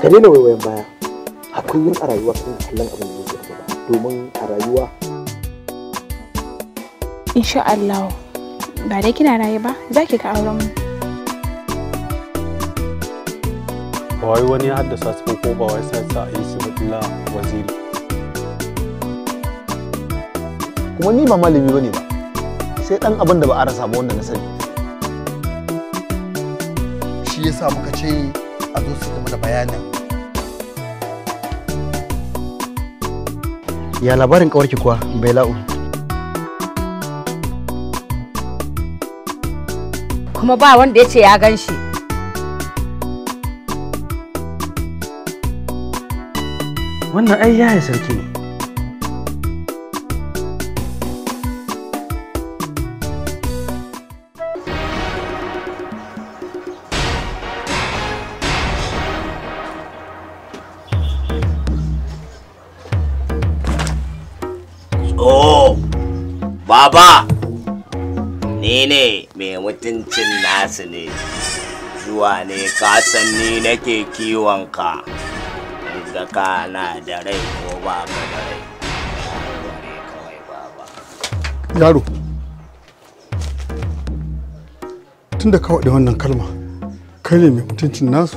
ka daina waiwayen baya a kullum a rayuwa kan kallon abin da yake gaba domin a rayuwa insha Allah ba dai kina raye ba za ki ga auren mu ba wai wani ya haddasa su ko ba wai sai sa yi su waziri kuma ni ba malami ne ba sai ɗan abin da ba a rasa ba wanda na sani shi yasa muka ce a zo su mana bayanin ya labarin kawarki kuwa bai lau kuma ba wanda ya ce ya gan shi wannan ai yaya sarki ne su ne zuwa ne kasanni san ni nake kiwon ka ga ka na da rai ko ba ka da rai yaro tun da kawai wannan kalma kai ne mai mutuncin nasu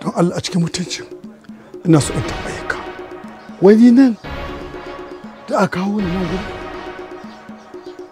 don allah a cikin mutuncin ina so in tambaye ka wani nan da aka kawo ni nan gudu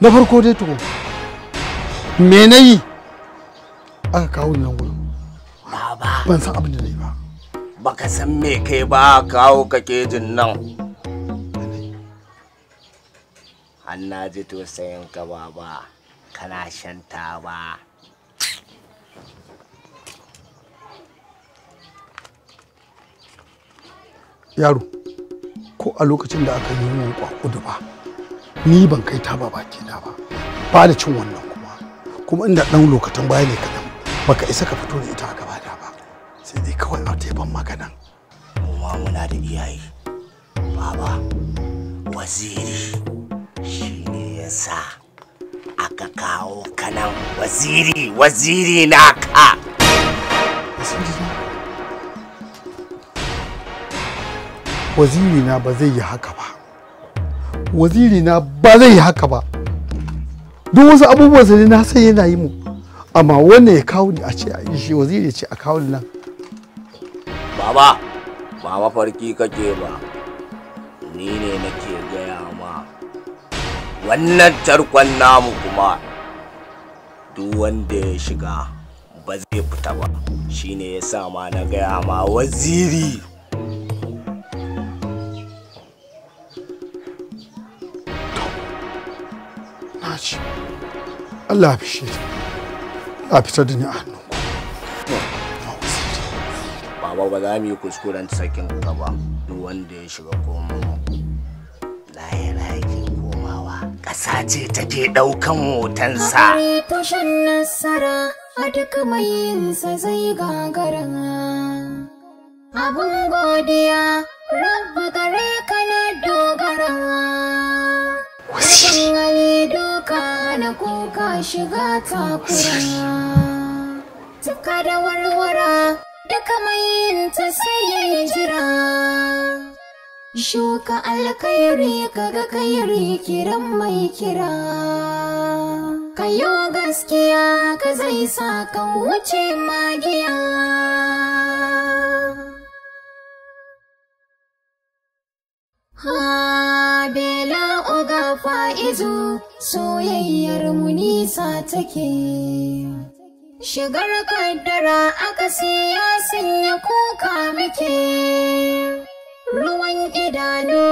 na farko dai tukun me na yi aka kawo nan ma Ba ban san abin da na ba baka san me kai ba kawo ka kejin nan an ji tausayin ka ba ba kana shan taba yaro ko a lokacin da aka yi mun kwakudu ba ni ban kai taba ke da ba ba da cin wannan kuma inda ɗan lokacin baya ne kaɗan baka isa ka fito da ita a gaba da ba sai dai kawai a ban magana wa muna da iyaye baba waziri shi ne ya sa aka kawo kanan waziri waziri na ka waziri na ba zai yi haka ba waziri na ba zai yi haka ba duk wasu abubuwan sa na san yana yi mu amma wannan ya kawo ni a ce a shi waziri ya ce a kawo ni nan baba ba mafarki kake ba ni ne nake gaya ma wannan tarkon namu kuma duk wanda ya shiga ba zai fita ba shine ya sa ma na gaya ma waziri you. Allah shi a fitar da ni a hannu baba ba za mu yi kuskuren sakin ka ba duk wanda ya shiga komawa laye laye komawa ƙasa ce take ɗaukan hotonsa tushen nasara a duk mai yinsa zai gagara abun godiya rabba gare ka na dogara wani duka na kuka shiga takura tuka da warwara da kamayin ta sai jira shuka alkhairi kaga kairi kiran mai kira kayo gaskiya ka zai sa ka wuce magiya fa'izu soyayyar mu nisa take. Shigar kaddara aka siya sanya kuka muke, ruwan idanu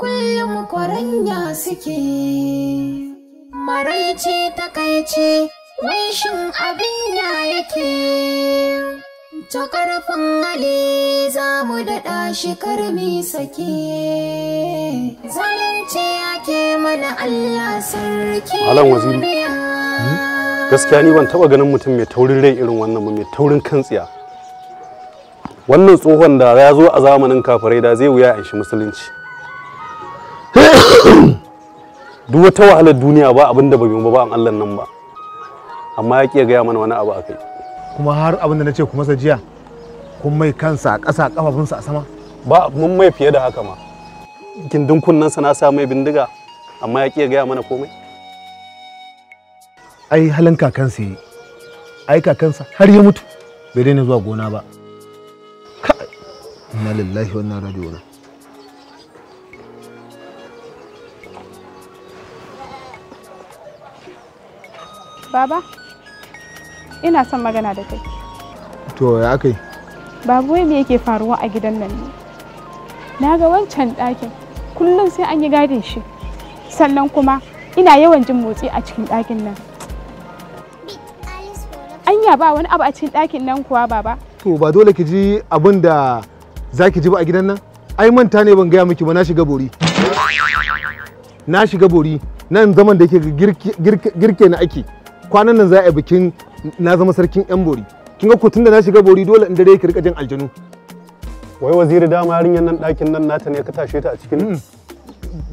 kullum kwaranya suke. Maraice ta takaice shin abin ya yake, ta ƙarfin ale za mu daɗa shi karmi sake. mana waziri hmm? gaskiya ni ban taba ganin mutum mai taurin rai irin wannan ba mai taurin kan tsiya wannan tsohon da ya zo a zamanin kafirai da zai wuya a shi musulunci duk wata wahalar duniya ba abin da bai ba an Allah nan ba amma ya kiya gaya mana wani abu akai kuma har abin da nace kuma jiya kun mai kansa a ƙasa kafafunsa a sama ba mun mai fiye da haka ma gindin kunnen na sa mai bindiga amma ya ƙi gaya mana komai ai halin kakansa yi ai kakansa har ya mutu bai daina zuwa gona ba kai lallahi lillahi wa inna ilaihi Baba, ina son magana da kai. To, ya kai? Babu wai me yake faruwa a gidan nan ne. Na ga wancan ɗakin, kullum sai an yi gadin shi. sannan kuma ina yawan jin motsi a cikin ɗakin nan anya ba wani abu a cikin ɗakin nan kuwa baba to ba dole ki ji abin da za ki ji ba a gidan nan ai manta ne ban gaya miki ba na shiga bori na shiga bori nan zaman da yake girke na ake kwanan nan za a yi bikin na zama sarkin yan bori kin ga kutun da na shiga bori dole in dare ki rika jin aljanu wai waziri dama yarinyar nan ɗakin nan nata ne ka tashe ta a cikin mm.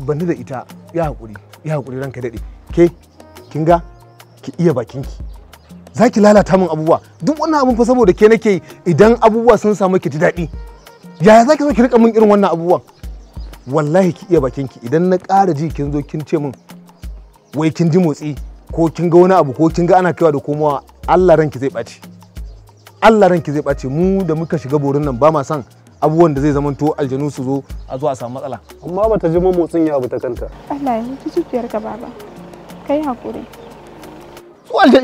bani da ita ya hakuri ya hakuri ranka daɗe ke kin ga ki iya bakinki za ki lalata min abubuwa duk wannan abun fa saboda ke nake idan abubuwa sun samu ki ji daɗi yaya za ki zo ki rika min irin wannan abubuwan wallahi ki iya bakinki idan na ƙara ji kin zo kin ce min wai kin ji motsi ko kin ga wani abu ko kin ga ana kaiwa da komowa Allah ranki zai ɓace, Allah ranki zai ɓace mu da muka shiga borin nan ba ma san abubuwan da zai zama to aljanu su zo a zo a samu matsala amma bata ji motsin ya abu ta kanta Allah ya ji zuciyar ka baba kai hakuri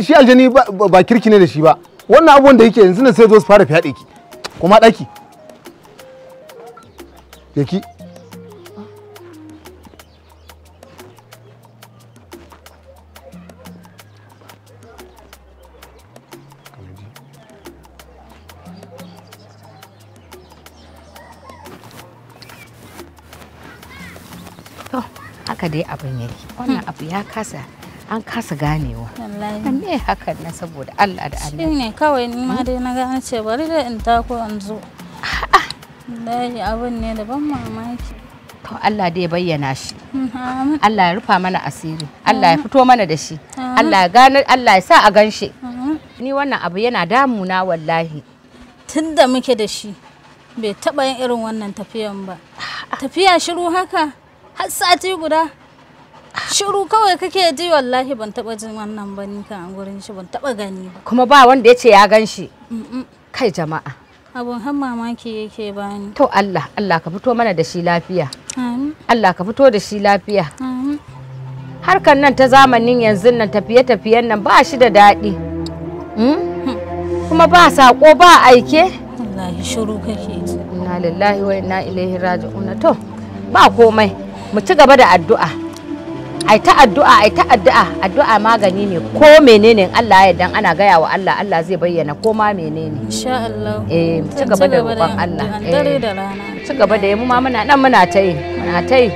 shi aljani ba kirki ne da shi ba wannan abubuwan da yake yanzu ne sai zo su fara fyaɗe ki kuma ɗaki yaki dai abin yake wannan hmm. abu ya kasa an kasa ganewa me hakan na saboda Allah da Allah shine kawai ni ma hmm? dai na gane ce bari da in tako an zo dai abin ne da ban mamaki to Allah dai bayyana shi Allah ya rufa mana asiri Allah ya fito mana da shi Allah ya gane Allah ya sa a ganshe ni wannan abu yana damuna wallahi tunda muke da shi bai taba yin irin wannan tafiyan ba tafiya shiru haka har sati guda shiru kawai kake ji wallahi ban taba jin wannan ba ni kan gurin shi ban taba gani ba kuma ba wanda ya ce ya gan shi kai jama'a abun har mamaki yake bani to Allah Allah ka fito mana da shi lafiya Allah ka fito da shi lafiya harkar nan ta zamanin yanzu nan tafiye-tafiyen nan ba shi da daɗi hmm? kuma ba saƙo ba aike wallahi shiru kake ji inna lillahi wa inna ilaihi raji'un to ba komai mu ci gaba da addu'a ai ta addu'a ai ta addu'a addu'a magani ne ko menene Allah ya dan ana gaya wa Allah Allah zai bayyana ko ma menene insha Allah eh ci gaba da roƙon Allah dare eh. da rana ci gaba da mu ma muna nan muna ta yi muna ta yi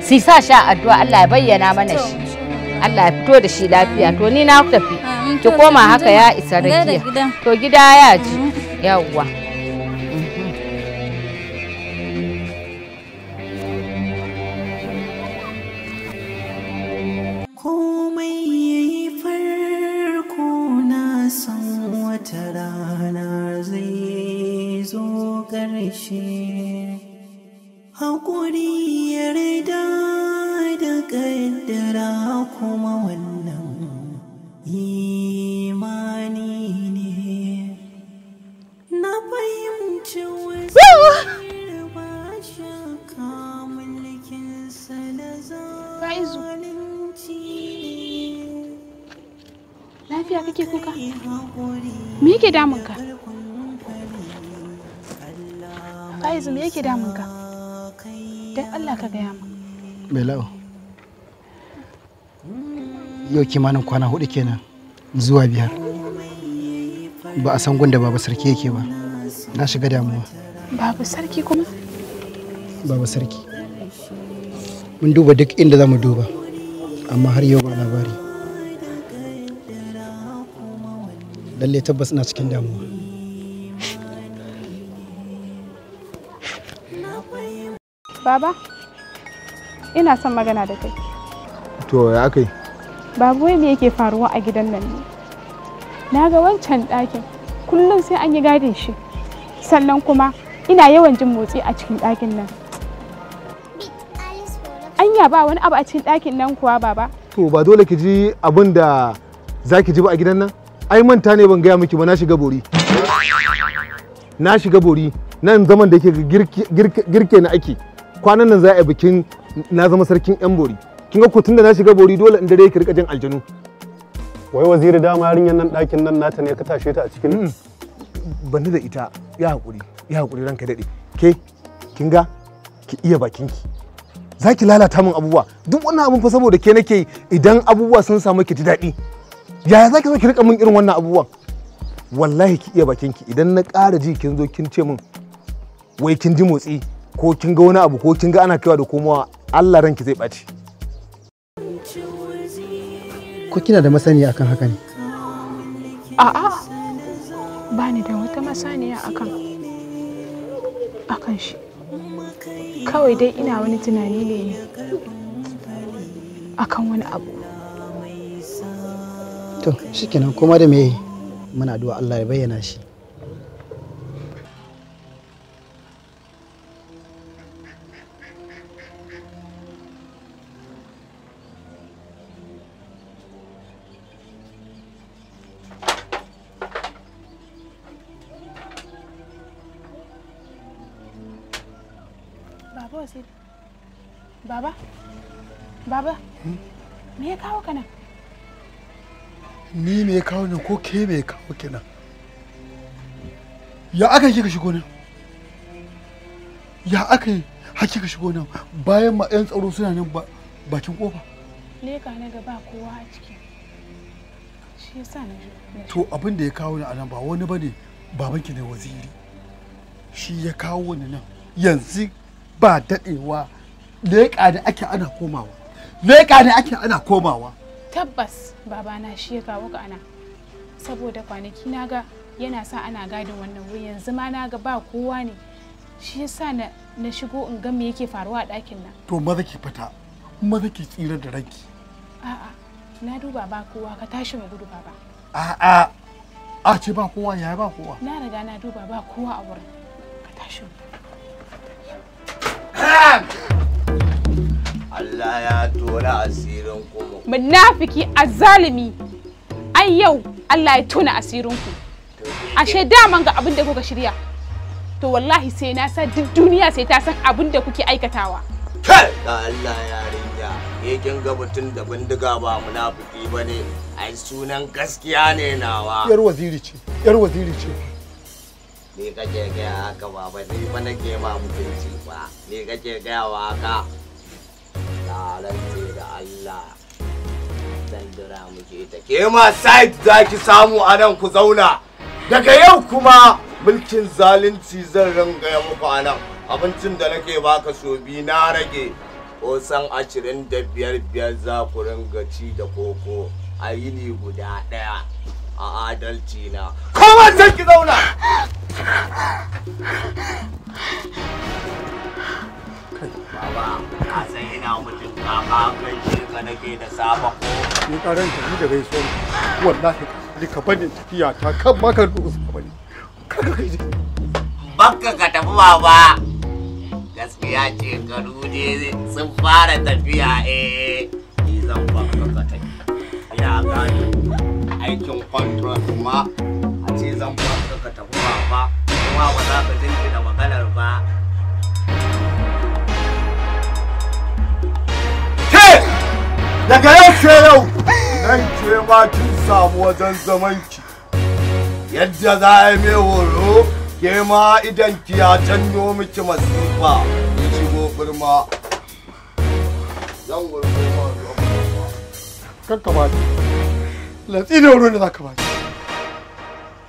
si sa sha addu'a Allah ya bayyana mana shi Allah ya fito da shi lafiya to ni na tafi ki koma haka ya isa rakiya to gida ya ji yawwa damun ka me yake damun ka Allah ka gaya min Bela'u yau kimanin kwana hudu kenan zuwa biyar ba a san gunda baba sarki yake ba na shiga damuwa babu sarki kuma babu sarki mun duba duk inda za mu duba amma har yau ba labari lalle tabbas ina cikin damuwa baba ina son magana da kai to ya kai babu wai me yake faruwa a gidan nan ne na ga wancan ɗakin kullum sai an yi gadin shi sannan kuma ina yawan jin motsi a cikin ɗakin nan anya ba wani abu a cikin ɗakin nan kuwa baba to ba dole ki ji abin da za ki ji ba a gidan nan ai manta ne ban gaya miki ba na shiga bori na shiga bori nan zaman da yake girke na ake kwanan nan za a yi bikin na zama sarkin yan bori kin ga kutun da na shiga bori dole in dare ki rika jin aljanu wai waziri ma yarinyar nan ɗakin nan nata ne ka tashe ta a cikin mm. bani da ita ya hakuri ya hakuri ranka daɗe ke kin ga ki iya ki. za ki lalata min abubuwa duk wannan abun fa saboda ke nake idan abubuwa sun samu ki ji daɗi yaya zaki zo ki rika min irin wannan abubuwan wallahi ki iya bakin ki idan na ƙara ji kin zo kin ce min wai kin ji motsi ko kin ga wani abu ko kin ga ana kaiwa da komowa Allah ranki zai ɓaci ko kina da masaniya akan haka ne a'a ba ni da wata masaniya akan akan shi kawai dai ina wani tunani ne akan wani abu to shikenan kuma da me muna duwa Allah ya bayyana shi Baba, Baba, hmm? me ya kawo ka ni mai kawo ne ko ke mai kawo kenan ya aka yi ka shigo nan ya aka yi haki ka shigo nan bayan ma 'yan tsaro suna nan bakin kofa leka na ga ba kowa a ciki shi yasa na to abin da ya kawo ni a nan ba wani bane babanki ne waziri shi ya kawo ni nan yanzu ba dadewa leka ne ake ana komawa leka ne ake ana komawa tabbas babana shi ya kawo ana saboda kwanaki na ga yana sa ana gadin wannan wuri yanzu ma na ga ba kowa ne shi yasa na na shigo in ga me yake faruwa a ɗakin nan to maza ki fita maza ki tsira da ranki a'a na duba ba kowa ka tashi mu gudu baba a'a a ce ba kowa yaya ba kowa na riga na duba ba kowa a wurin ka tashi mu Allah ya tona asirin ku. Munafiki azalimi Ai yau Allah ya tona asirin ku. Ashe daman ga abin da kuka shirya. To wallahi sai na sa duk duniya sai ta san abin da kuke aikatawa. Kai da Allah rinja. Ke eh, kin ga mutum da bindiga ba munafiki bane. Ai sunan gaskiya ne nawa. Yar waziri ce. Yar waziri ce. me kake gaya haka ba ba ke ba nake ba mutunci ba Ni kake gaya wa haka na rantse da Allah zan jira muke ta ke ma site za ki samu a nan ku zauna daga yau kuma mulkin zalunci zan ringa ya muku a nan abincin da nake baka so bi na rage kusan ashirin da biyar biyar za ku ringa ci da koko a yini guda ɗaya a adalci na kowa ki zauna Baba, na san ina mutum kama kai shi ka nake da sabon ko. Ni karan ni da gaisuwa. Wallahi ni ka bani tafiya ta kan ma ka dubu bane. Bakka ka tafi baba. Gaskiya ce karu ne sun fara tafiya eh. Ni zan bakka ka tafi. Ya gani aikin contract ma a ce zan bakka ka tafi baba. Kuma ba za ka jinki da maganar ba. daga yau ce yau nan ke ma kin samu wajen zaman ki yadda za a yi mai horo ke ma idan ki ya canjo miki masifa ya shigo birma. zan wurfi ma kan ka ba latsi da wuri da za ka ba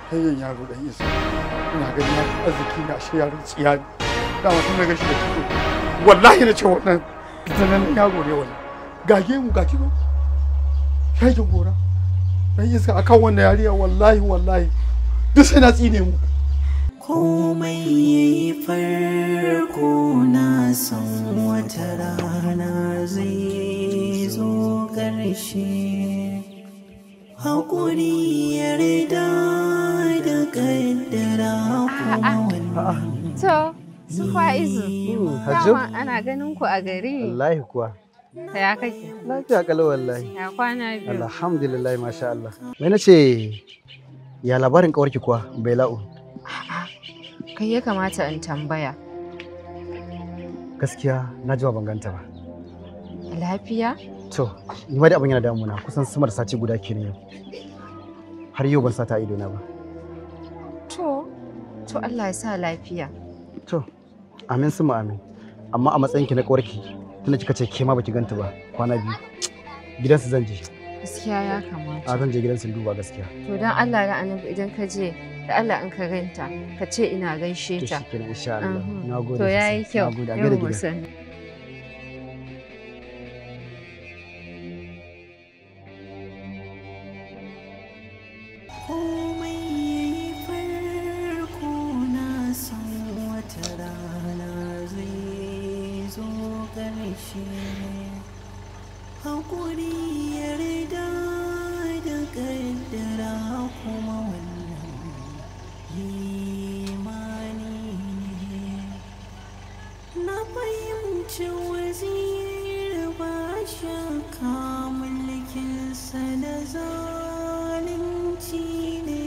hanyar yaro dan isa ina ganin ya arziki na shi yaron tsiya ne da mutum na gashi da kiko wallahi na ce wannan zanen yaro ne wannan Gage mu, ga kiro shakin gora dan iska akan wannan yariya wallahi wallahi duk sai na tsine mu komai yayi farko na san wata rana zai zo ƙarshe haƙuri yarda da ƙaddara kuma wannan to su fa'izu ana ganin ku a gari wallahi kuwa Ya kake? Lafiya kalau wallahi. Ya kwana biyu. Alhamdulillah masha Allah. Me nace ya labarin kawarki kuwa Bela'u? A'a. Kai ya kamata in tambaya. Gaskiya na ji ban ganta ba. Lafiya? To, ni ma da abin yana damuna kusan sama da sati guda kenan yau. Har yau ban sata ido na ba. To, to Allah ya sa lafiya. To, amin su amin. Amma a matsayinki na kawarki tunda kika ce ke ma baki ganta ba kwana biyu gidansu zan je gaskiya ya kamata a zan je gidansu duba gaskiya to dan Allah ya annabi idan ka je da Allah in ka ganta ka ce ina gaishe ta to shi kenan insha Allah nagode to yayi kyau nagode a shi haƙuri da kuma wannan limani ne na fahimci da zalunci ne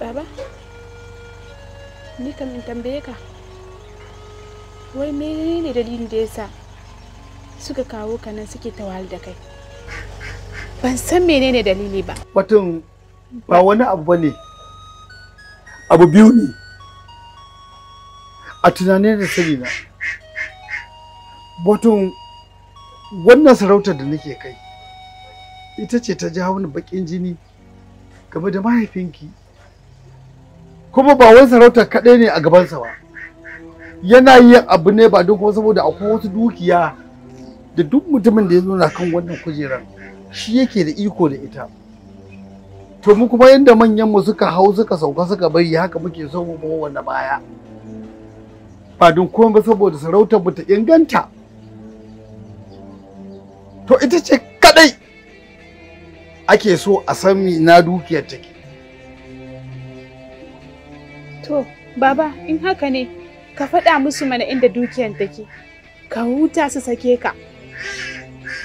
baba ni kam in tambaye ka wai menene dalilin da ya sa suka kawo ka nan suke tawal da kai ban san menene dalili ba watan ba wani abu bane abu biyu ne a tunanin da sani na watan wannan sarautar da nake kai ita ce ta jawo ni bakin jini game da mahaifinki kuma ba wani sarautar kaɗai ne a gabansa ba yana yin abu ne ba duk saboda akwai wasu dukiya da duk mutumin da ya zauna kan wannan kujerar shi yake da iko da ita to mu kuma yadda manyan mu suka hau suka sauka suka bari haka muke so mu kuma wanda baya ba don kuma ba saboda sarautar mu ta inganta to ita ce kadai ake so a san na dukiyar take to baba in haka ne ka faɗa musu mana inda dukiyar take ka huta su sake ka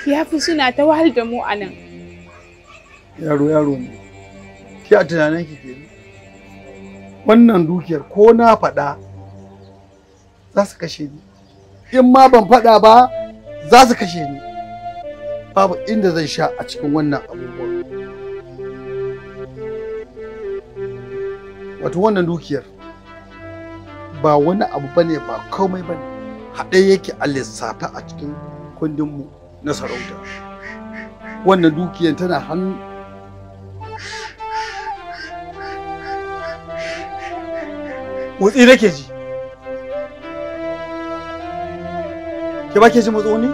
Ya fi suna ta wahal da mu a nan. Yaro yaro ne. Ki a tunanin ki ke Wannan dukiyar ko na faɗa za su kashe ni. In ma ban faɗa ba za su kashe ni. Babu inda zan sha a cikin wannan abubuwan. Wato wannan dukiyar ba wani abu bane ba komai bane haɗe yake a lissafe a cikin kundinmu na sarauta wannan dukiyan tana hannu motsi nake ji ke ba ke ji motsi ne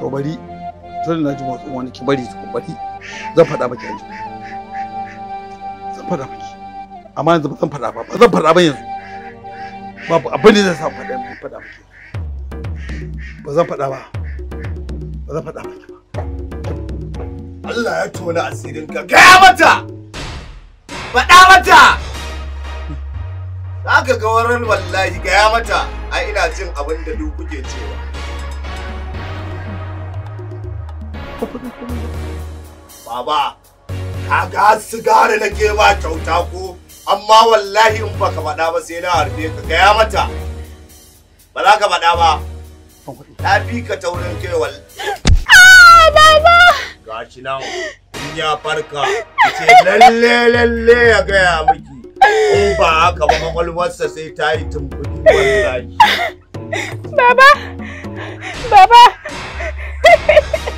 to bari tun na ji motsi wani ki bari su, bari zan faɗa maki yanzu zan faɗa maki amma yanzu ba zan faɗa ba ba zan faɗa ba yanzu babu abin da zai sa faɗa mu faɗa mu ba zan faɗa ba ba zan faɗa ba Allah ya tona asirin ka gaya mata faɗa mata za ka ga wurin wallahi gaya mata ai ina jin abin da duk kuke cewa Baba, ka ga sigari ke ba kyauta ko amma wallahi in baka faɗa ba sai na harbe ka gaya mata ba za ka faɗa ba ta fi ka taurin kai wal ah, baba gashi nan in ya farka ce lalle lalle ya gaya miki in ba haka ba kwakwalwarsa sai ta yi tumbuɗi wallahi baba baba